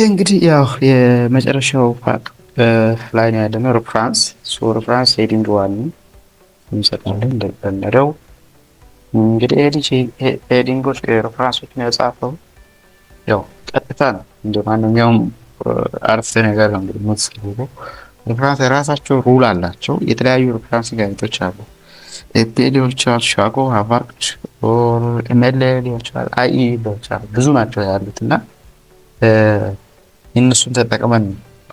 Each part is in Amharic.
ይሄ እንግዲህ ያው የመጨረሻው ፓርት ላይ ነው ያለነው። ሪፍራንስ ሶ ሪፍራንስ ሄዲንግ ዋን እንሰጣለን እንደተለመደው። እንግዲህ ሄዲንጎች ሪፍራንሶችን ያጻፈው ያው ቀጥታ ነው እንደ ማንኛውም አርዕስተ ነገር ነው እንግዲህ የምትጽፉ። ሪፍራንስ የራሳቸው ሩል አላቸው። የተለያዩ ሪፍራንስ ጋዜጦች አሉ። ኤፒኤ ሊሆን ይችላል፣ ሻጎ ኦር ኤምኤልኤ ሊሆን ይችላል፣ አይ ሊሆን ይችላል። ብዙ ናቸው ያሉት እና እነሱን ተጠቅመን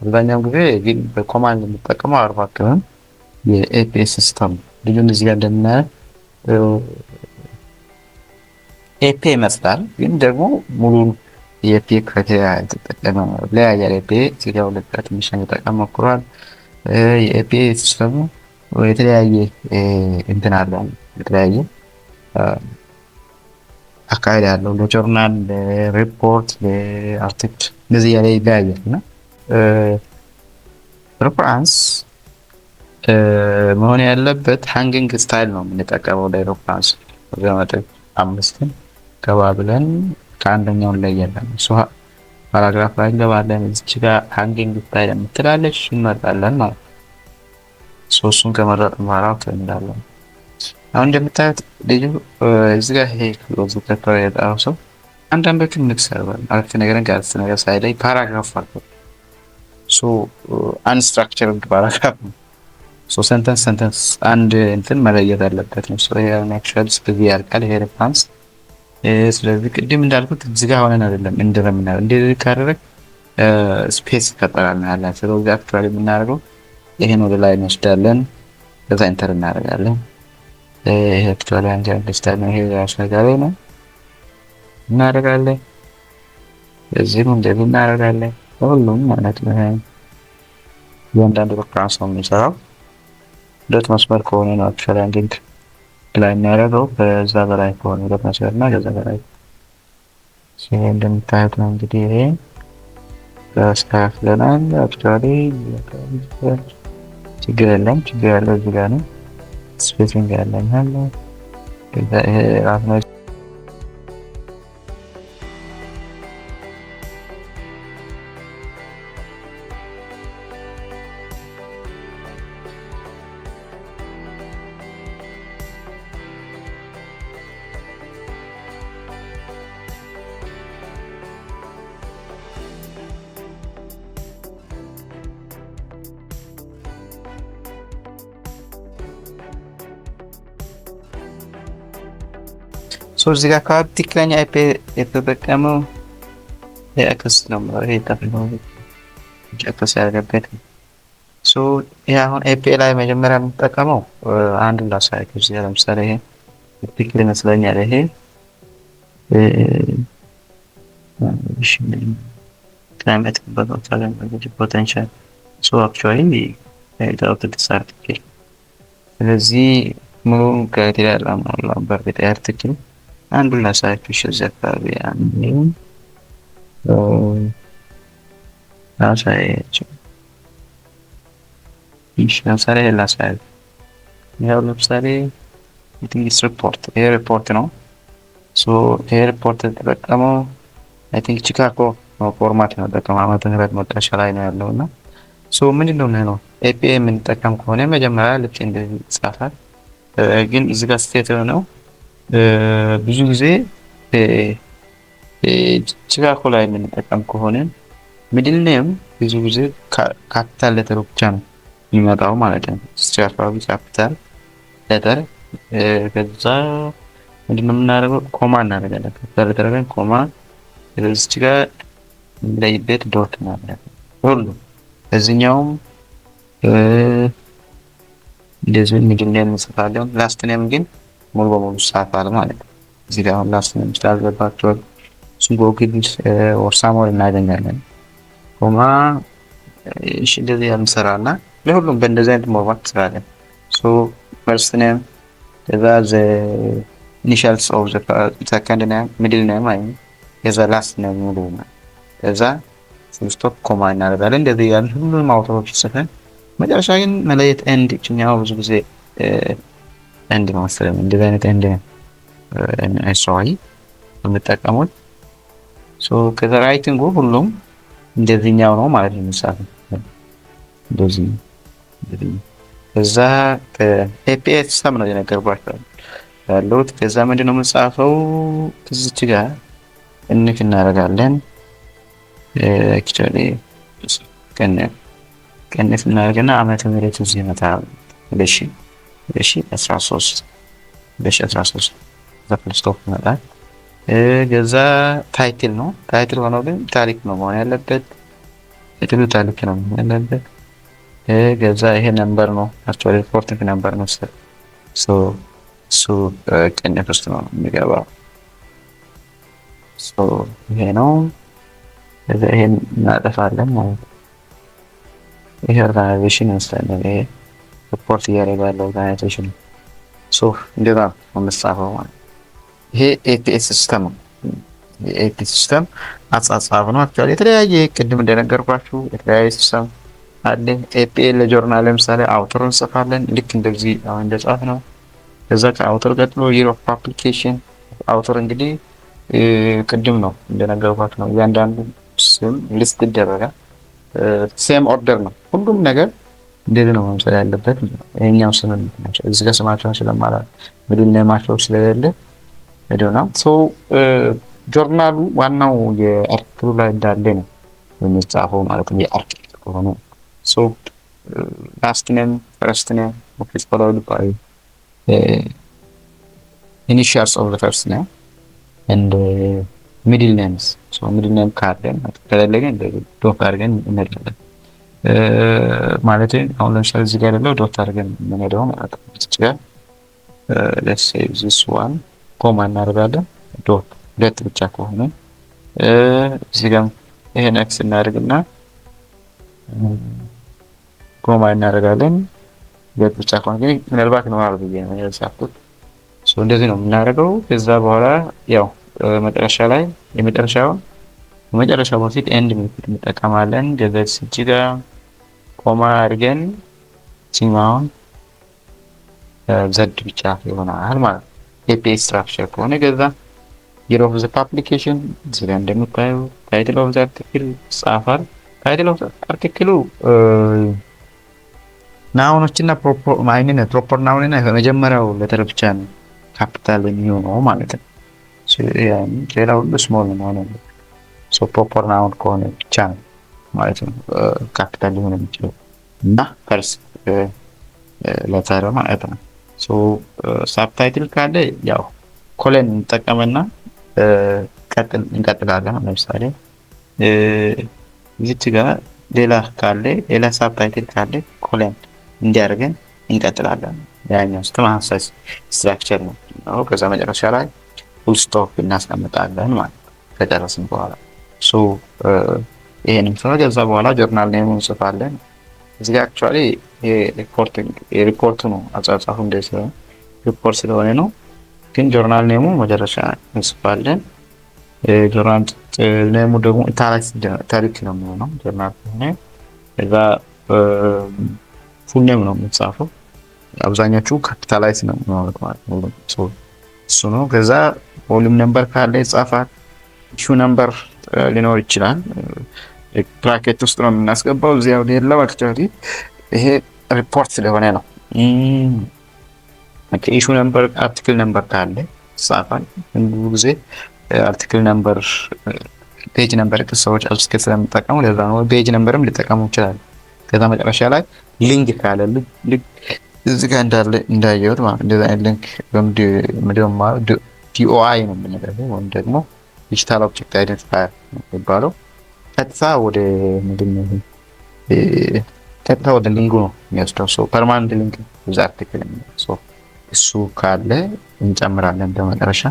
አብዛኛው ጊዜ ግን በኮማንድ የምጠቀመው አርባ ክምም የኤፒኤስ ሲስተም ልጁን እዚህ ጋር እንደምናየው ኤፔ ይመስላል፣ ግን ደግሞ ሙሉን የኤፔ ክራይቴሪያ የተጠቀመ ለያያል። ኤፔ ዜጋ ሁለት ትንሽ ተጠቀም ሞክሯል። የኤፔ ሲስተሙ የተለያየ እንትን አለ፣ የተለያየ አካሄድ አለው ለጆርናል፣ ለሪፖርት፣ ለአርቲክል እንደዚህ ያለ ይለያያል እና ሪፈረንስ መሆን ያለበት ሃንጊንግ ስታይል ነው የምንጠቀመው ላይ ሪፈረንስ በመጠቅ አምስትን ገባ ብለን ከአንደኛው እንለያለን። እሱ ፓራግራፍ ላይ እንገባለን። እዚች ጋር ሃንጊንግ ስታይል የምትላለች እንመርጣለን ማለት ነው። ሶስቱን ከመረጥ በኋላ ትንዳለን። አሁን እንደምታዩት ልዩ እዚህ ጋር ይሄ ክሎዝ ሰው አንዳንድ አንዳንዶቹን እንክሰርበል አረፍተ ነገርን ከአረፍተ ነገር ሳይ ላይ ፓራግራፍ አለ። ሶ አንስትራክቸርድ ፓራግራፍ ነው። ሶ ሰንተንስ ሰንተንስ አንድ እንትን መለየት አለበት ነው። ሶ ይሄ አክቹዋሊ ስለዚህ ያልቃል ይሄ ሪፋንስ። ስለዚህ ቅድም እንዳልኩት እዚህ ጋር ሆነን አይደለም እንደረምናል እንደዚህ ካደረግ ስፔስ ይፈጠራል ነው ያለን። ስለዚህ አክቹዋሊ የምናደርገው ይሄን ወደ ላይ እንወስዳለን፣ ከዛ ኢንተር እናደርጋለን። ይሄ አክቹዋሊ አንድ ነው ይሄ ራሱ ነገር ነው እናደርጋለን። እዚህም እንደዚህ እናደርጋለን። ሁሉም ማለት ነው። እያንዳንዱ ሬፈረንስ ነው የሚሰራው። ሁለት መስመር ከሆነ ነው አክቹዋሊ አንዲንግ ላይ የሚያደርገው ከዛ በላይ ከሆነ ሁለት መስመር እና ከዛ በላይ ሲሄድ እንደምታዩት ነው እንግዲህ ይሄ ስካፍለናል። አክቹዋሊ ችግር የለም። ችግር ያለው እዚህ ጋር ነው። ስፔሲንግ ያለኛል ይሄ ራት ነው እዚህ ጋር አካባቢ ትክክለኛ አይፒ የተጠቀመው የአክስ ነው። ይሄ ያደረገበት አሁን ላይ መጀመሪያ አንድ ላሳያችሁ። እዚህ ለምሳሌ ይሄ ትክክል ይመስለኛል። ይሄ ክላይሜት ፖቴንሻል ሶ አክቹዋሊ ስለዚህ ሙሉ ጋዜጣ ያላማላ ቤት አርቲክል አንዱን ላሳያችሁ። እሺ እዚህ አካባቢ አንዱን ላሳያችሁ። እሺ ለምሳሌ ላሳያችሁ። ያው ለምሳሌ ኢትስ ሪፖርት ይሄ ሪፖርት ነው። ሶ ይሄ ሪፖርት የተጠቀመው አይ ቲንክ ቺካጎ ነው ፎርማት ነው ተጠቀመው ዓመተ ምህረት መጨረሻ ላይ ነው ያለው እና ሶ ምንድነው ነው ኤፒኤ የምንጠቀም ከሆነ መጀመሪያ ልክ እንደዚህ ይጻፋል፣ ግን እዚህ ጋር ስቴት ነው ብዙ ጊዜ ቺካጎ ላይ የምንጠቀም ከሆነ ሚድል ኔም ብዙ ጊዜ ካፒታል ለተር ብቻ ነው የሚመጣው ማለት ነው። ስቻፋዊ ካፒታል ሌተር ከዛ ምንድነው የምናደርገው? ኮማ እናደርጋለን። ካፒታል ሌተር ላይ ኮማ፣ ስለዚች ጋር የምንለይበት ዶት እናደርጋለን። ሁሉ እዚኛውም እንደዚህ ሚድል ኔም እንጽፋለን። ላስት ኔም ግን ሙሉ በሙሉ ይሳፋል ማለት ነው። እዚህ ላይ አሁን ላስት ነው ስላልገባቸው እሱን ወርሳሞል ኦር እናገኛለን። ኮማ እሺ፣ እንደዚህ የምሰራ ለሁሉም በእንደዚህ አይነት ሞርማት ትሰራለን። ሶ ፈርስት ኔም ከዛ ዘ ኢኒሻልስ ኦፍ ዘ ሰከንድ ኔም ሚድል ኔም አይ የዛ ላስት ኔም ሙሉ ነው። ከዛ ስቶፕ ኮማ እናደርጋለን። እንደዚህ ያለ ሁሉንም አውቶሮች ይጽፈን መጨረሻ ግን መለየት ኤንድ ችኛው ብዙ ጊዜ ኤንድ ነው መሰለኝ እንደዚህ አይነት ኤንድ ኤስዋይ የምጠቀሙት። ሶ ከዛ ራይቲንጉ ሁሉም እንደዚህኛው ነው ማለት ነው። ምሳሌ እንደዚህ ከዛ ከኤፒኤስ ሲስተም ነው የነገርኳቸው ያለሁት። ከዛ ምንድን ነው የምንጻፈው እዚች ጋር እንክ እናደርጋለን። አክቹዋሊ ቀንፍ እናደርግና አመተ ምሕረት እዚህ ይመጣል። እሺ እሺ ገዛ ታይትል ነው። ታይትል ሆኖ ግን ታሪክ ነው መሆን ያለበት። ታይትሉ ታሪክ ነው መሆን ያለበት። ገዛ ይሄ ነምበር ነው። አክቹዋሊ ሪፖርቲንግ ነምበር ነው። ሶ ሱ ቅንፍ ውስጥ ነው የሚገባው። ሶ ይሄ ነው። ገዛ ይሄን እናጠፋለን ማለት ይሄ ኦርጋናይዜሽን ይመስለኛል ይሄ ሪፖርት እያደረገ ያለው ጋዜጦች ነው። ጽሁፍ እንደዛ ነው የምጻፈው ማለት ይሄ ኤፒኤስ ሲስተም ነው። የኤፒኤስ ሲስተም አጻጻፍ ነው። አክቹዋሊ የተለያየ ቅድም እንደነገርኳችሁ የተለያየ ሲስተም አለ። ኤፒኤ ለጆርናል ለምሳሌ አውተር እንጽፋለን ልክ እንደዚህ አሁን እንደጻፍ ነው። ከዛ ከአውተር ቀጥሎ ይር ኦፍ ፓብሊኬሽን አውተር እንግዲህ ቅድም ነው እንደነገርኳችሁ ነው። እያንዳንዱ ስም ሊስት ይደረጋል። ሴም ኦርደር ነው ሁሉም ነገር ድል ነው መምሰል ያለበት። ይሄኛው ስም ናቸው። እዚህ ጋር ስማቸውን ስለማላ ላይ ለማቸው ስለሌለ ሄደና ሰው ጆርናሉ ዋናው የአርክሉ ላይ እንዳለ ነው የሚጻፈው ማለት ነው። የአርክል ከሆኑ ላስትኔም ፈረስትኔም ኦፊስፖላዊ ዱባዊ ኢኒሺያልስ ኦፍ ፈርስት ኔም እንደ ሚድል ኔምስ ሚድል ኔም ካለ ከሌለ ግን ዶክ አድርገን እንሄዳለን። ማለት አሁን ለምሳሌ እዚህ ጋር ያለው ዶት አድርገን የምንሄደው ማለት እዚህ ጋር ይችላል። ሴቭ ዚስ ዋን ኮማ እናደርጋለን። ዶት ሁለት ብቻ ከሆነ እዚህ ጋር ይሄን ኤክስ እናደርግና ኮማ እናደርጋለን። ሁለት ብቻ ከሆነ ግን ምናልባት ነው ማለት ብዬ ነው የጻፍኩት። እንደዚህ ነው የምናደርገው። ከዛ በኋላ ያው መጨረሻ ላይ የመጨረሻውን በመጨረሻው በፊት ኤንድ ሜትድ እንጠቀማለን። ገዘት እጅ ጋር ኮማ አድርገን ሲማውን ዘድ ብቻ ይሆናል ማለት ነው። ኤፒኤስ ስትራክቸር ከሆነ ገዛ የር ኦፍ ዘ ፓብሊኬሽን እዚህ ጋር እንደምታዩ ታይትል ኦፍ ዘ አርቲክል ይጻፋል። ታይትል ኦፍ አርቲክሉ ናውኖችና ፕሮፐር ናውንና የመጀመሪያው ለተር ብቻ ነው ካፒታል የሚሆነው ማለት ነው። ሌላ ሁሉ ስሞል ነው። ፕሮፐር ናውን ከሆነ ብቻ ነው ማለት ነው ካፒታል ሊሆን የሚችለው እና ፈርስ ለተረ ማለት ነው። ሳብታይትል ካለ ያው ኮለን እንጠቀምና እንቀጥላለን። ለምሳሌ እዚች ጋ ሌላ ካለ ሌላ ሳብታይትል ካለ ኮለን እንዲያደርገን እንቀጥላለን። ያኛው ተመሳሳይ ስትራክቸር ነው። ከዛ መጨረሻ ላይ ፉል እናስቀምጣለን ማለት ከጨረስን በኋላ ይሄንም ስራ ከዛ በኋላ ጆርናል ኔም እንጽፋለን። እዚህ ጋ አክቹዋሊ የሪፖርቱ ነው አጻጻፉ እንደ ስለሆነ ሪፖርት ስለሆነ ነው። ግን ጆርናል ኔሙ መጨረሻ እንጽፋለን። ጆርናል ኔሙ ደግሞ ታሪክ ነው የሚሆነው። ጆርናል ከዛ ፉል ኔም ነው የምንጻፈው። አብዛኛቹ ካፒታላይዝ ነው ማለት ማለት እሱ ነው። ከዛ ቮሊም ነምበር ካለ ይጻፋል። ኢሹ ነምበር ሊኖር ይችላል። ፕላኬት ውስጥ ነው የምናስገባው። እዚያው ሌላው አክቹዋሊ ይሄ ሪፖርት ስለሆነ ነው። ኢሹ ነምበር አርቲክል ነምበር ካለ ይጻፋል። ብዙ ጊዜ አርቲክል ነምበር ፔጅ ነምበር ሰዎች አብስክት ስለምጠቀሙ ለዛ ነው። ፔጅ ነምበርም ሊጠቀሙ ይችላል። ከዛ መጨረሻ ላይ ሊንክ ካለ እዚህ ጋር እንዳለ እንዳየሁት ማለት እንደዚህ አይነት ሊንክ ዲኦአይ ነው የምንለው ወይም ደግሞ ዲጂታል ኦብጀክት አይደንቲፋየር የሚባለው ቀጥታ ወደ ቀጥታ ወደ ሊንጉ ነው የሚወስደው። ሰው ፐርማነንት ሊንክ ብዙ አርቲክል እሱ ካለ እንጨምራለን በመጨረሻ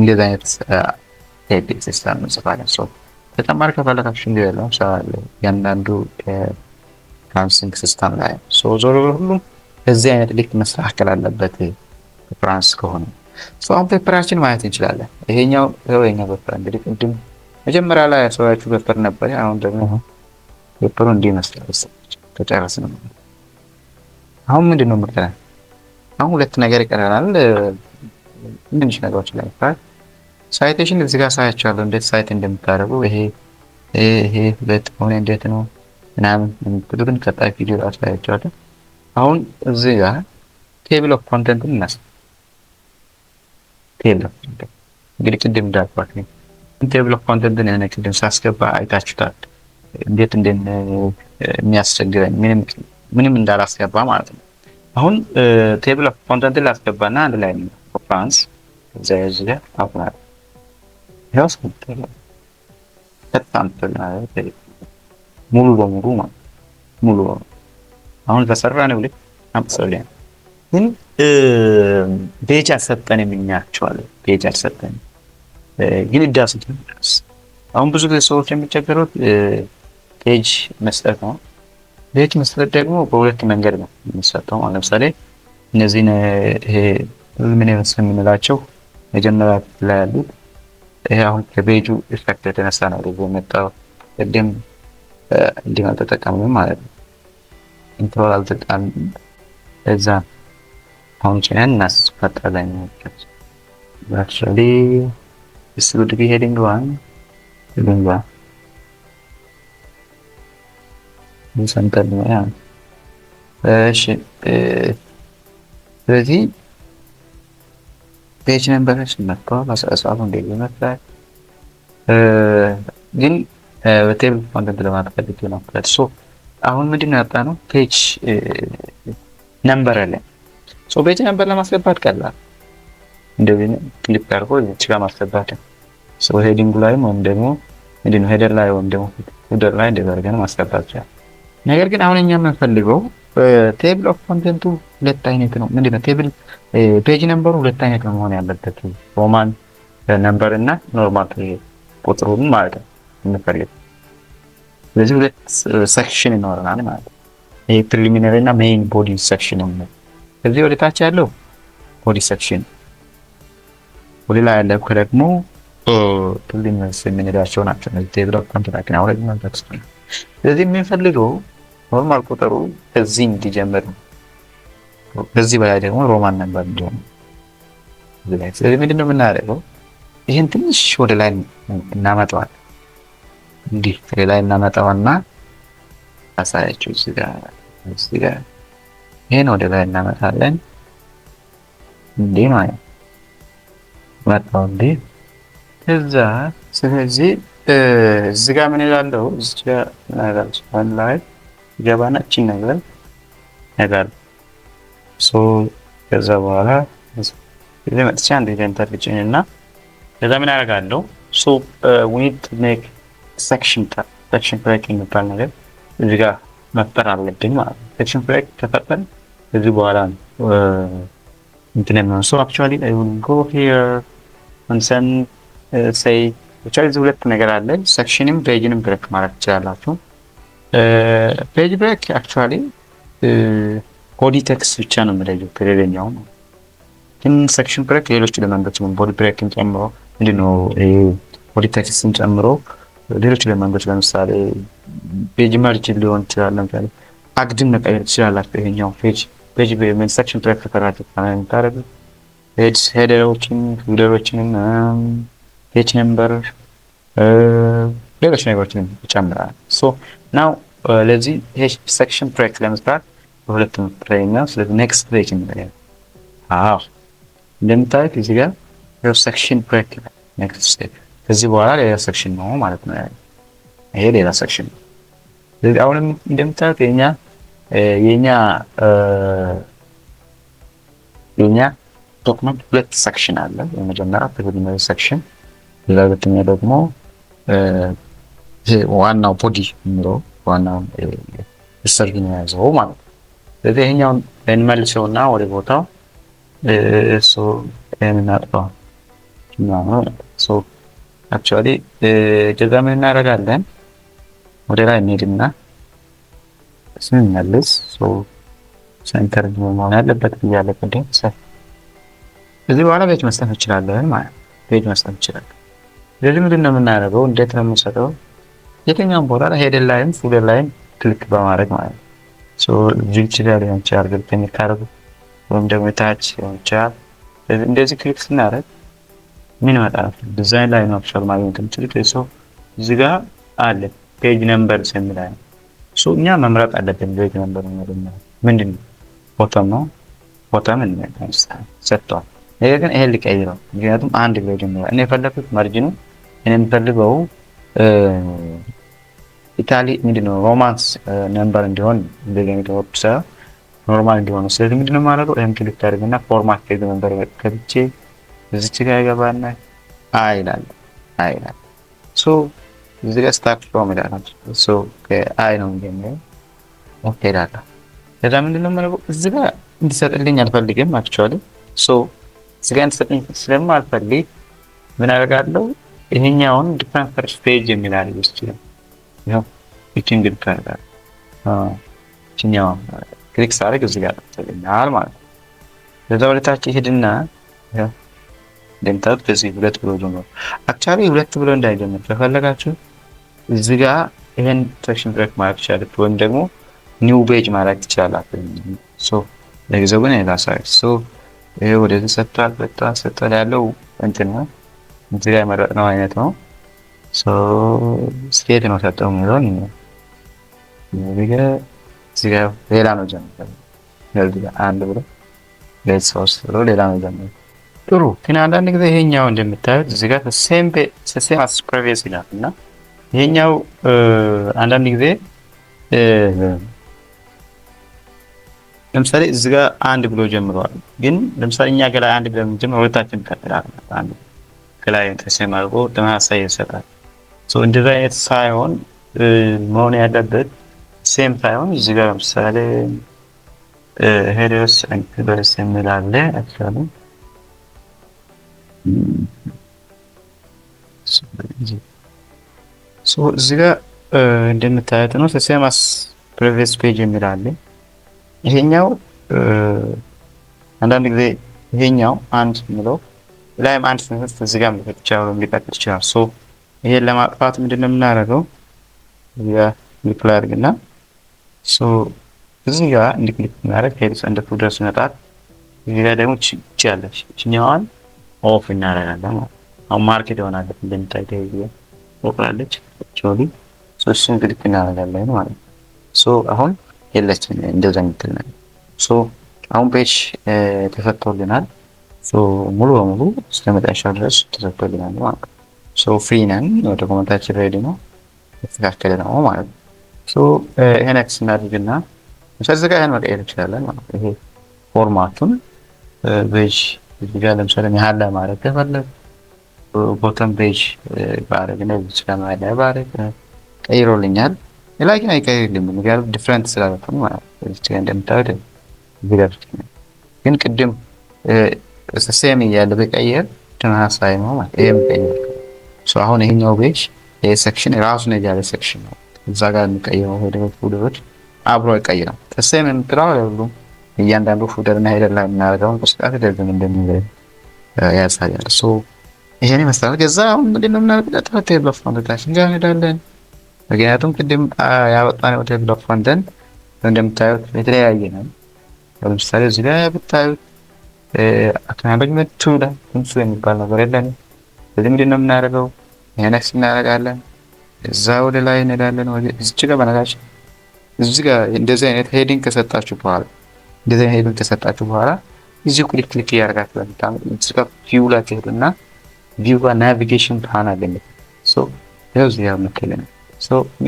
እንደዚህ አይነት ቴፒክ ሲስተም እንጽፋለን። ሰው ተጨማሪ ከፈለጋችሁ እንዲ ያለው እያንዳንዱ ፍራንሲንግ ሲስተም ላይ ዞሮ ሁሉም በዚህ አይነት ልክ መስተካከል አለበት ፍራንስ ከሆነ አሁን ፔፐራችን ማየት እንችላለን። ይሄኛው ይኸው ይሄኛው ፔፐር እንግዲህ ቅድም መጀመሪያ ላይ ያሳያችሁ ፔፐር ነበር። አሁን ደግሞ ፔፐሩ እንዲህ ይመስላል። ተጨረስን ነው። አሁን ምንድን ነው የምቀረን? አሁን ሁለት ነገር ይቀረናል። ትንንሽ ነገሮች ላይ ይባል ሳይቴሽን እዚህ ጋር ሳያችኋለሁ፣ እንዴት ሳይት እንደምታደርጉ ይሄ ይሄ ሁለት ሆነ እንዴት ነው ምናምን የምትሉትን ቀጣይ ቪዲዮ ላይ አሳያችኋለሁ። አሁን እዚህ ጋር ቴብል ኦፍ ኮንተንትን እናስ የለም። እንግዲህ ቅድም እንዳልኳት ነው ቅድም ሳስገባ አይታችሁታል። እንዴት ምንም እንዳላስገባ ማለት ነው። አሁን ኮንተንትን ላስገባና አንድ ላይ ነው ፍራንስ ሙሉ በሙሉ ማለት ሙሉ አሁን ተሰራ ነው ልክ አምጥሰውልኝ ግን ቤጅ አልሰጠንም እኛ ቤጅ አልሰጠንም። ግን እዳሱ ትምህርስ አሁን ብዙ ጊዜ ሰዎች የሚቸገሩት ፔጅ መስጠት ነው። ፔጅ መስጠት ደግሞ በሁለት መንገድ ነው የሚሰጠው። ለምሳሌ እነዚህን ምን ስ የምንላቸው መጀመሪያ ላይ ያሉት ይሄ አሁን ከፔጁ ኢፌክት የተነሳ ነው ደግሞ የመጣው። ቅድም እንዲህ አልተጠቀምንም ማለት ነው። ኢንትሮ አልተጠቀምንም እዛ ነው function nas katadanya actually this would be heading 1 heading 1 ነው ያ እሺ ስለዚህ ፔጅ ነምበራችን መጥቷል። አጻጻፉ እንዴት ይመስላል? ግን በቴብል ኮንተንት ለማጥፋት ነው። ሶ አሁን ምንድን ነው ያጣ ነው ፔጅ ነምበር አለን ሰው ቤት ነበር ለማስገባት ቀላል እንደዚህ ክሊፕ አድርጎ እዚህ ጋር ማስገባት ሰው ሄዲንግ ላይ ወይም ደግሞ ምንድን ነው ሄደር ላይ ወይም ደግሞ ሄደር ላይ እንደዛ አድርገን ማስገባት ይችላል። ነገር ግን አሁን እኛ የምንፈልገው ቴብል ኦፍ ኮንቴንቱ ሁለት አይነት ነው። ምንድን ነው ቴብል ፔጅ ነምበሩ ሁለት አይነት ነው መሆን ያለበት ሮማን ነምበር እና ኖርማል ቁጥሩን ማለት ነው የምንፈልገው። ስለዚህ ሁለት ሴክሽን ይኖረናል ማለት ነው። ይሄ ፕሪሊሚነሪ እና ሜይን ቦዲ ሴክሽን ነው። ከዚህ ወደ ታች ያለው ቦዲ ሴክሽን፣ ወደ ላይ ያለው ደግሞ ፕሊመስ የምንላቸው ናቸው። ስለዚህ የምንፈልገው ኖርማል ቁጥሩ ከዚህ እንዲጀምር ከዚህ በላይ ደግሞ ሮማን ነበር እንዲሆን። ስለዚህ ምንድነው የምናደርገው? ይህን ትንሽ ወደ ላይ እናመጣዋል። እንዲህ ወደ ላይ እናመጣዋልና አሳያችሁ እዚህ ጋር ይሄን ወደ ላይ እናመጣለን። እንዲህ ማለት መጣው እንዲህ። ከዛ ስለዚህ እዚህ ጋር ምን እላለሁ? እዚህ ጋር ነገር ሲሆን ላይ ገባናችን ነገር ነገር ሶ ከዛ በኋላ እዚህ መጥቼ አንድ ኢንተር ልጭን እና ከዛ ምን አደርጋለሁ? ሶ ዊት ሜክ ሰክሽን ሰክሽን ብሬክ የሚባል ነገር እዚህ ጋር መፍጠር አለብኝ ማለት ነው። ሰክሽን ብሬክ ተፈጠን ከዚህ በኋላ ነው እንትን የሚሆነው። ሶ አክቹዋሊ አይ ዊል ጎ ሂር ኮንሰን ሴይ ብቻ እዚህ ሁለት ነገር አለ። ሰክሽንም ፔጅንም ብሬክ ማድረግ ትችላላችሁ። ፔጅ ብሬክ አክቹዋሊ ቦዲ ቴክስት ብቻ ነው የሚለየው ከሌለኛው ነው። ግን ሰክሽን ብሬክ ሌሎች ኤሌመንቶች ቦዲ ብሬክን ጨምሮ ምንድን ነው ቦዲ ቴክስትን ጨምሮ ሌሎች ኤሌመንቶች ለምሳሌ ፔጅ መርጅ ሊሆን ይችላል። ለምሳሌ አግድም መቀየር ትችላላችሁ ይሄኛው ፔጅ ልጅ በሜንስትራክሽን ትራክ ታን ታረብ ሄድስ ሄደሮችን ሁደሮችን ፔጅ ነምበር ሌሎች ነገሮችን ይጨምራል። ሶ ናው ለዚህ ሄድ ሴክሽን ትራክ ለመስራት በሁለቱም ትሬን ነው። ስለዚህ ኔክስት ፔጅ እንበላለን። አዎ እንደምታዩት እዚህ ጋር ሄጅ ሴክሽን ትራክ ኔክስት ስቴፕ። ከዚህ በኋላ ሌላ ሴክሽን ነው ማለት ነው። ይሄ ሌላ ሴክሽን ነው። ስለዚህ አሁንም እንደምታዩት የኛ Eh, የኛ eh, የኛ ዶክመንት ሁለት ሰክሽን አለ። የመጀመሪያ ፕሪሊሚናሪ ሰክሽን፣ ሌላ ሁለተኛ ደግሞ eh, ዋናው ቦዲ የሚለው ዋናው ሰርቪን የያዘው ማለት ነው። ስለዚህ ይሄኛውን እንመልሰውና ወደ ቦታው እሱ እናጥፋዋል። አክቹዋሊ ጀዛ ምን እናደርጋለን ወደ ላይ እንሄድና ስንመልስ ሴንተር መሆን ያለበት ቅድም እዚህ በኋላ ቤጅ መስጠት እንችላለን ማለት ነው። ቤጅ መስጠት እንችላለን። ስለዚህ ምንድን ነው የምናደርገው? እንዴት ነው የምንሰጠው? የትኛውም ቦታ ሄደን ላይም ፉደን ላይም ክሊክ በማድረግ ማለት ነው። ሊሆን ይችላል ወይም ደግሞ ሊሆን ይችላል። እንደዚህ ክሊክ ስናደርግ ምን ይመጣል? ዲዛይን ላይ ኦፕሽን ማግኘት የምችሉት። እዚህ ጋር አለ ፔጅ ነምበር የሚል እኛ መምረጥ አለብን። ቤት መንበር መጀመር ምንድን ነው? ፎተም ነው። ፎተም ሰጥቷል። ነገር ግን ይሄ ልቀይረው፣ ምክንያቱም አንድ ብለው ጀምረ እኔ የፈለኩት መርጅኑ እኔ የምፈልገው ኢታሊ ምንድን ነው ሮማንስ ነምበር እንዲሆን እንደገሚተወሰ ኖርማል እንዲሆኑ። ስለዚህ ምንድን ነው ማድረገው? ይህም ክሊክ ታደርግና ፎርማት ፔጅ መንበር ከብቼ እዚች ጋር ይገባና አይላል አይላል እዚህ ጋር ስታክ ፍሮም ይላል። እሱ ከአይ ነው የሚጀምረው። ኦኬ እላለሁ። ከዛ ምንድን ነው የምለው እዚህ ጋር እንዲሰጥልኝ አልፈልግም። አክቹዋሊ ሶ እዚህ ጋር እንዲሰጥልኝ ስለማልፈልግ ምን አደርጋለሁ? ይህኛውን ዲፍረንት ፈርስት ፔጅ የሚል አለ። ስ ይኸው ይችን ግድ ካርጋል ይችኛው ክሊክ ሳደርግ እዚህ ጋር ጠፍቶልኛል ማለት ነው። ለዛ ወደታች ሄድና እንደምታዩት በዚህ ሁለት ብሎ ጀምሮ አክቹዋሊ ሁለት ብሎ እንዳይጀምር ከፈለጋችሁ እዚህ ጋ ይሄን ትራክሽን ብሬክ ማለት ትችላለች፣ ወይም ደግሞ ኒው ቤጅ ማድረግ ትችላላት። ለጊዜው ግን ላሳይ ወደዚህ ሰጥቷል። በጣ ሰጥቷል ያለው እንትን ነው። እዚህ ጋ የመረጥነው አይነት ነው። ስቴት ነው ሰጠው የሚለውን እዚህ ጋ ሌላ ነው ጀምረ አንድ ብሎ ቤት ሶስት ብሎ ሌላ ነው ጀምረ ጥሩ። ግን አንዳንድ ጊዜ ይሄኛው እንደምታዩት እዚጋ ጋ ሴም አስ ፕሪቪየስ ይላል እና ይሄኛው አንዳንድ ጊዜ ለምሳሌ እዚህ ጋር አንድ ብሎ ጀምሯል። ግን ለምሳሌ እኛ ገላይ አንድ ብለን ጀምሮ ሁለታችን እንቀጥላለን። አንድ ገላይ ተሰማ አድርጎ ተመሳሳይ ይሰጣል። ሶ እንደዛ አይነት ሳይሆን መሆን ያለበት ሴም ሳይሆን እዚህ ጋር ለምሳሌ ሄሪዮስ አንክበስ የሚል አለ አክቹዋሊ Thank እዚህ ጋር እንደምታዩት ነው ሴማስ ፕሪቪየስ ፔጅ የሚል ይሄኛው አንዳንድ ጊዜ ይሄኛው አንድ የሚለው ላይም አንድ ስንሰጥ እዚህ ጋር መፈት ይችላል ሊቀጥል ይችላል። ሶ ይሄን ለማጥፋት ምንድን ነው የምናደርገው? እዚህ ጋር ክሊክ ላይ ሶ እዚህ ጋር እንዲህ ክሊክ እናደርግ ሄድስ እንደ ፉል ድረስ ይመጣል። እዚህ ጋር ደግሞ ችያለች ችኛዋን ኦፍ እናደርጋለን። አሁን ማርኬት ይሆናለት እንደምታይ ወቅላለች ቸሊ እሱን ግልክ እናደርጋለን ማለት ነው። ሶ አሁን የለችን እንደዛ የምትል ነገር ሶ አሁን ፔጅ ተፈቶልናል። ሶ ሙሉ በሙሉ እስከ መጨረሻው ድረስ ተፈቶልናል ማለት ነው። ሶ ፍሪ ነን፣ ወደ ኮመንታችን ሬዲ ነው፣ የተካከለ ነው ማለት ነው። ሶ ይሄን ክስ እናድርግና ከዚህ ይሄን መቀየር እንችላለን ማለት ነው። ይሄ ፎርማቱን ፔጅ እዚህ ለምሳሌ ያህል ለማድረግ ከፈለግ ቦተም ቤጅ ባረግ ነው ስለማለ ባረግ ቀይሮልኛል። ሌላ ግን አይቀይርልኝም፣ ምክንያቱም ዲፍረንት ስላልኩኝ ማለት እንደምታወደ እንደምታዩት ግን ቅድም ሴም እያለ በቀየር ተመሳሳይ ነው ማለት ይህም ቀይር። አሁን ይሄኛው ቤጅ ሴክሽን ራሱ ራሱን ያለ ሴክሽን ነው። እዛ ጋር የሚቀይረው ሄደሮች ፉደሮች አብሮ አይቀይርም። ተሴም የምትለው ለሁሉም እያንዳንዱ ፉደር ና ሄደላ የምናደርገውን እንቅስቃሴ ደግሞ እንደሚ ያሳያል። ይሄን ይመስላል። ከዛ አሁን ምንድን ነው የምናደርግለት ቴብል ኦፍ ኮንተንታችን ጋር እንሄዳለን። ምክንያቱም ቅድም ያወጣነው ቴብል ኦፍ ኮንተንት እንደምታዩት የተለያየ ነው። ለምሳሌ እዚህ ላይ ብታዩት አክናሎጅመንት ቱ ላይ ትንሱ የሚባል ነገር የለንም። ስለዚህ ምንድን ነው የምናደርገው? ይሄነክስ እናደርጋለን። እዛ ወደ ላይ እንሄዳለን። እዚች ጋር በነጋችን እዚህ ጋር እንደዚህ አይነት ሄዲንግ ከሰጣችሁ በኋላ እንደዚህ አይነት ሄዲንግ ከሰጣችሁ በኋላ እዚሁ ክሊክ ክሊክ እያደረጋችሁ ለምታመጡ ቪው ላይ ትሄዱና ቪው ጋር ናቪጌሽን ብርሃን አገኘ። ይኸው እዚህ ጋር መከለኝ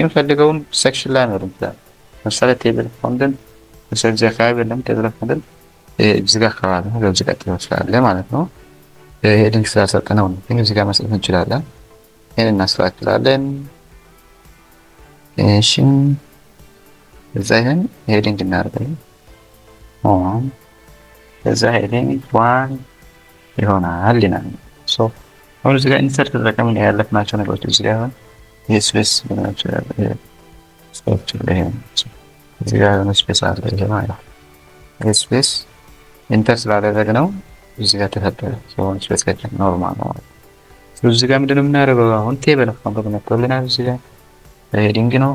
የሚፈልገውን ሴክሽን ላይ መር ይችላል። ለምሳሌ ቴብል ፎንደን መሰል እዚህ አካባቢ የለም። ቴብል ፎንደን እዚህ ጋር አካባቢ ነው። በዚህ ቀጥሎ ስላለ ማለት ነው። ሄድንግ ስላሰጠነው ነው። እዚህ ጋር መስጠት እንችላለን። ይህን እናስተካክላለን። እሺ እዛ ይህን ሄዲንግ እናደርጋለን። እዛ ሄዲንግ ዋን ይሆናል ይናል አሁን እዚህ ጋር ኢንሰርት ተጠቀም ላይ ያለፍናቸው ነገሮች እዚህ ጋር አሁን ይሄ ስፔስ ልናቸው እዚህ ጋር የሆነ ስፔስ አለ። ይሄ ማለት ይሄ ስፔስ ኢንተር ስላደረግነው እዚህ ጋር ተፈጠረ የሆነ ስፔስ ከ ኖርማል ነው ማለት እዚህ ጋር ምንድን ነው የምናደርገው? አሁን ቴብል ነው መጥቶልናል። እዚህ ጋር ሄዲንግ ነው።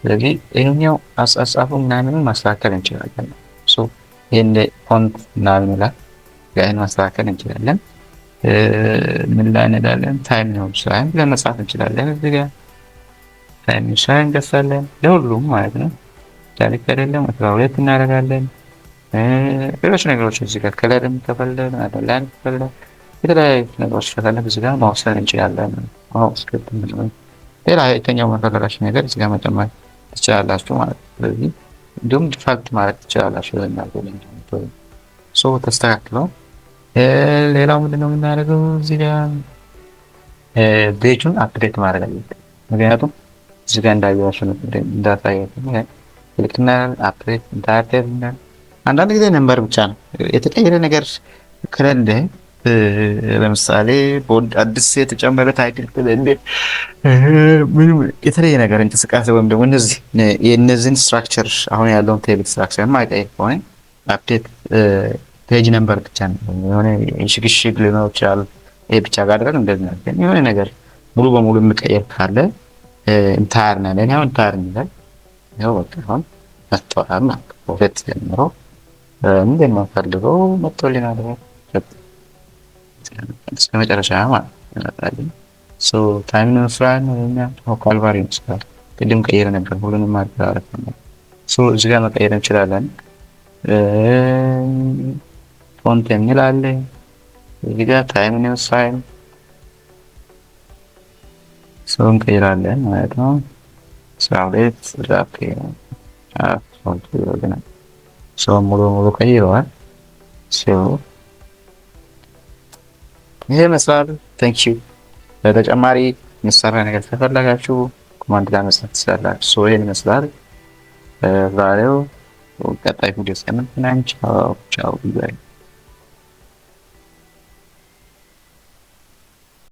ስለዚህ ይህኛው አጻጻፉ ምናምንም ማስተካከል እንችላለን። ይህን ፎንት ምናምን ይላል። ይህን ማስተካከል እንችላለን። ምን ላይ እንላለን? ታይም ነው ሳይም ለመጻፍ እንችላለን። እዚህ ጋር ታይም ሳይም እንገፋለን፣ ለሁሉም ማለት ነው። ታሪክ አይደለም አስራ ሁለት እናደርጋለን። ሌሎች ነገሮች እዚህ ጋር ከለርም ከፈለን አደላን ከፈለን የተለያዩ ነገሮች ከፈለን እዚህ ጋር ማውሰድ እንችላለን። ስክሪፕት ምንም ሌላ የተኛው መፈለጋችሁ ነገር እዚህ ጋር መጨመር ትችላላችሁ ማለት ነው። ስለዚህ እንዲሁም ዲፋልት ማለት ትችላላችሁ። ተስተካክለው ሌላው ምንድነው የምናደርገው እዚህ ጋር ፔጁን አፕዴት ማድረግ አለብን። ምክንያቱም እዚህ ጋር እንዳያችሁ እንዳታያችሁ ክሊክና አፕዴት እንዳርደር አንዳንድ ጊዜ ነንበር ብቻ ነው የተቀየረ ነገር ከሌለ ለምሳሌ በወንድ አዲስ የተጨመረ ታይትል ከሌለ ምንም የተለየ ነገር እንቅስቃሴ ወይም ደግሞ እነዚህ የእነዚህን ስትራክቸር አሁን ያለውን ቴብል ስትራክቸር ማይቀይር ከሆነ አፕዴት ፔጅ ነምበር ብቻ ነው የሆነ ሽግሽግ ሊኖር ይችላል። ይሄ ብቻ ጋር ደግሞ እንደዚህ ነው። ግን የሆነ ነገር ሙሉ በሙሉ የምቀየር ካለ ኢንታየር ነው ያለን። ያው ኢንታየር እንላል ያው በቃ አሁን መጥተዋል ማለት ሁለት ጀምሮ ምንድን ነው ፈልገው መጥቶልናል እስከ መጨረሻ ማለት ነው። ታይም ይመስላል ሆካል ቫሪ ይመስላል። ቅድም ቀየረ ነበር ሁሉንም ማድረግ እዚህ ጋር መቀየር እንችላለን። contemnerarle വിവിധ ഫാമിനോസായ Sơn thì là để mà nó sao để ra thì à còn chưa cái này Sơn mua đồ mua đồ cái gì rồi so ይህ መስላሉ ታንክ ዩ ለተጨማሪ መሳሪያ ነገር ከፈለጋችሁ ኮማንድ ላይ መስራት ትችላላችሁ። ሶ ይህን ይመስላል ዛሬው ቀጣይ ቪዲዮ እስከምንገናኝ ቻው ቻው።